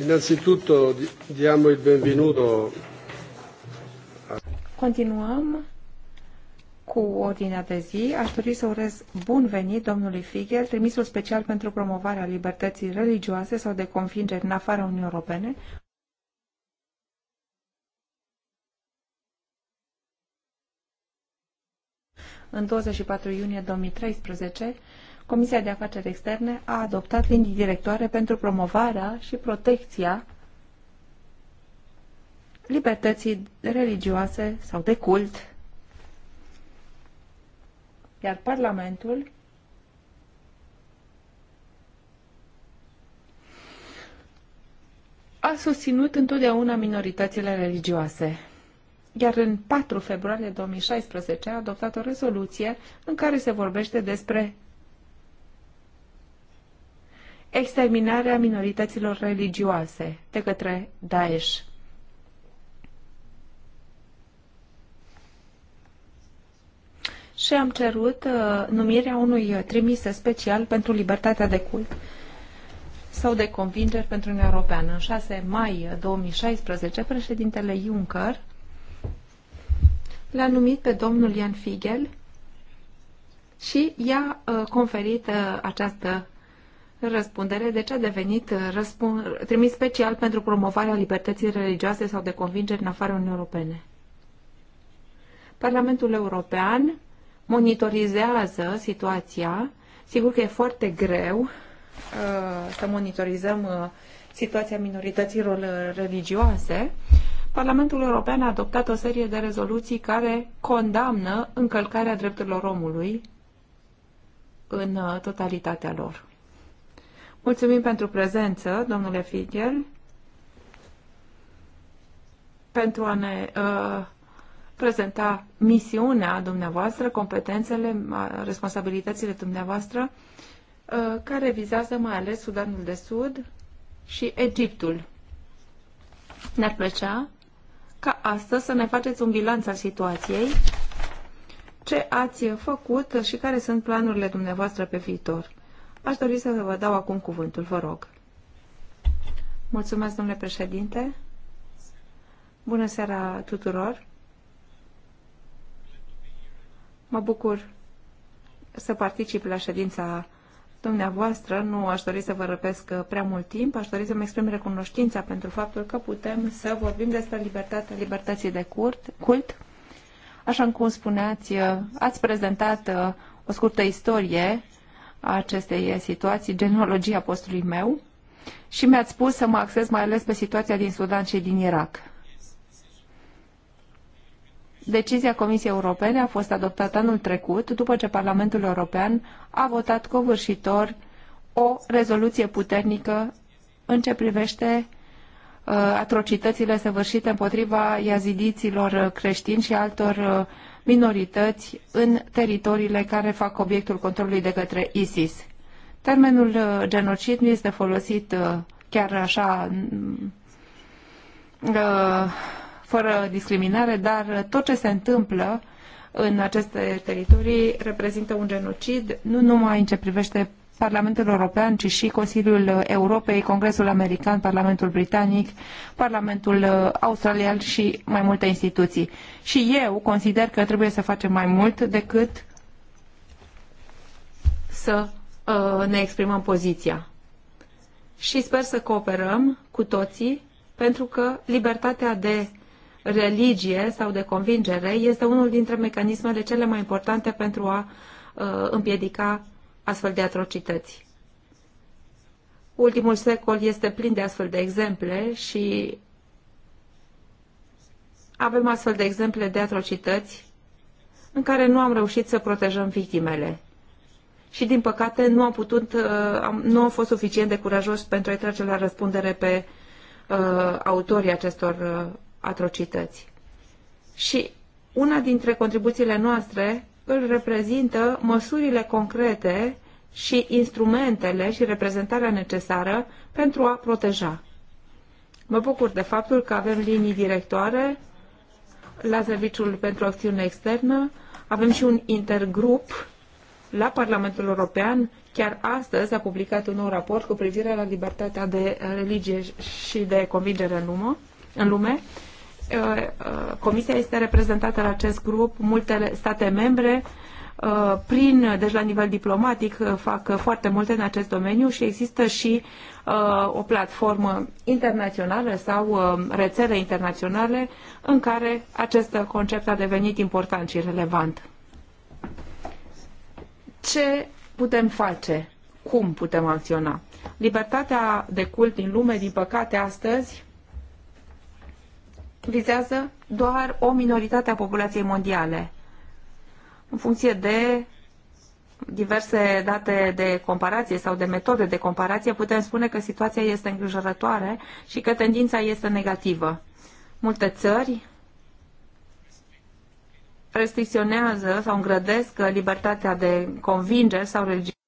Innanzitutto diamo il benvenuto. Continuăm cu ordinea de zi. Aș dori să urez bun venit domnului Figel, trimisul special pentru promovarea libertății religioase sau de convingeri în afara Uniunii Europene, în 24 iunie 2013 Comisia de Afaceri Externe a adoptat linii directoare pentru promovarea și protecția libertății religioase sau de cult, iar Parlamentul a susținut întotdeauna minoritățile religioase. Iar în 4 februarie 2016 a adoptat o rezoluție în care se vorbește despre exterminarea minorităților religioase de către Daesh. Și am cerut uh, numirea unui trimis special pentru libertatea de cult sau de convingeri pentru Uniunea Europeană. În 6 mai 2016, președintele Juncker l-a numit pe domnul Ian Figel și i-a uh, conferit uh, această răspundere de ce a devenit uh, trimis special pentru promovarea libertății religioase sau de convingeri în afara Uniunii Europene. Parlamentul European monitorizează situația. Sigur că e foarte greu uh, să monitorizăm uh, situația minorităților uh, religioase. Parlamentul European a adoptat o serie de rezoluții care condamnă încălcarea drepturilor omului în uh, totalitatea lor. Mulțumim pentru prezență, domnule Figel, pentru a ne uh, prezenta misiunea dumneavoastră, competențele, uh, responsabilitățile dumneavoastră, uh, care vizează mai ales Sudanul de Sud și Egiptul. Ne-ar plăcea ca astăzi să ne faceți un bilanț al situației, ce ați făcut și care sunt planurile dumneavoastră pe viitor. Aș dori să vă dau acum cuvântul, vă rog. Mulțumesc, domnule președinte. Bună seara tuturor. Mă bucur să particip la ședința dumneavoastră. Nu aș dori să vă răpesc uh, prea mult timp. Aș dori să-mi exprim recunoștința pentru faptul că putem să vorbim despre libertatea libertății de cult. cult. Așa cum spuneați, uh, ați prezentat uh, o scurtă istorie acestei situații, genealogia postului meu, și mi-ați spus să mă acces mai ales pe situația din Sudan și din Irak. Decizia Comisiei Europene a fost adoptată anul trecut, după ce Parlamentul European a votat covârșitor o rezoluție puternică în ce privește uh, atrocitățile săvârșite împotriva iazidiților uh, creștini și altor uh, minorități în teritoriile care fac obiectul controlului de către ISIS. Termenul uh, genocid nu este folosit uh, chiar așa mm, uh, fără discriminare, dar tot ce se întâmplă în aceste teritorii reprezintă un genocid, nu numai în ce privește Parlamentul European, ci și Consiliul Europei, Congresul American, Parlamentul Britanic, Parlamentul uh, Australian și mai multe instituții. Și eu consider că trebuie să facem mai mult decât să uh, ne exprimăm poziția. Și sper să cooperăm cu toții, pentru că libertatea de religie sau de convingere este unul dintre mecanismele cele mai importante pentru a uh, împiedica astfel de atrocități. Ultimul secol este plin de astfel de exemple și avem astfel de exemple de atrocități în care nu am reușit să protejăm victimele. Și, din păcate, nu am putut, uh, nu am fost suficient de curajos pentru a-i trage la răspundere pe uh, autorii acestor uh, atrocități. Și una dintre contribuțiile noastre îl reprezintă măsurile concrete și instrumentele și reprezentarea necesară pentru a proteja. Mă bucur de faptul că avem linii directoare la Serviciul pentru Acțiune Externă, avem și un intergrup la Parlamentul European. Chiar astăzi a publicat un nou raport cu privire la libertatea de religie și de convingere în lume. În lume. Uh, uh, comisia este reprezentată la acest grup, multe state membre uh, prin, deci la nivel diplomatic, fac foarte multe în acest domeniu și există și o platformă internațională sau rețele internaționale în care acest concept a devenit important și relevant. Ce putem face? Cum putem acționa? Libertatea de cult din lume, din păcate, astăzi vizează doar o minoritate a populației mondiale, în funcție de diverse date de comparație sau de metode de comparație, putem spune că situația este îngrijorătoare și că tendința este negativă. Multe țări restricționează sau îngrădesc libertatea de convingeri sau religie.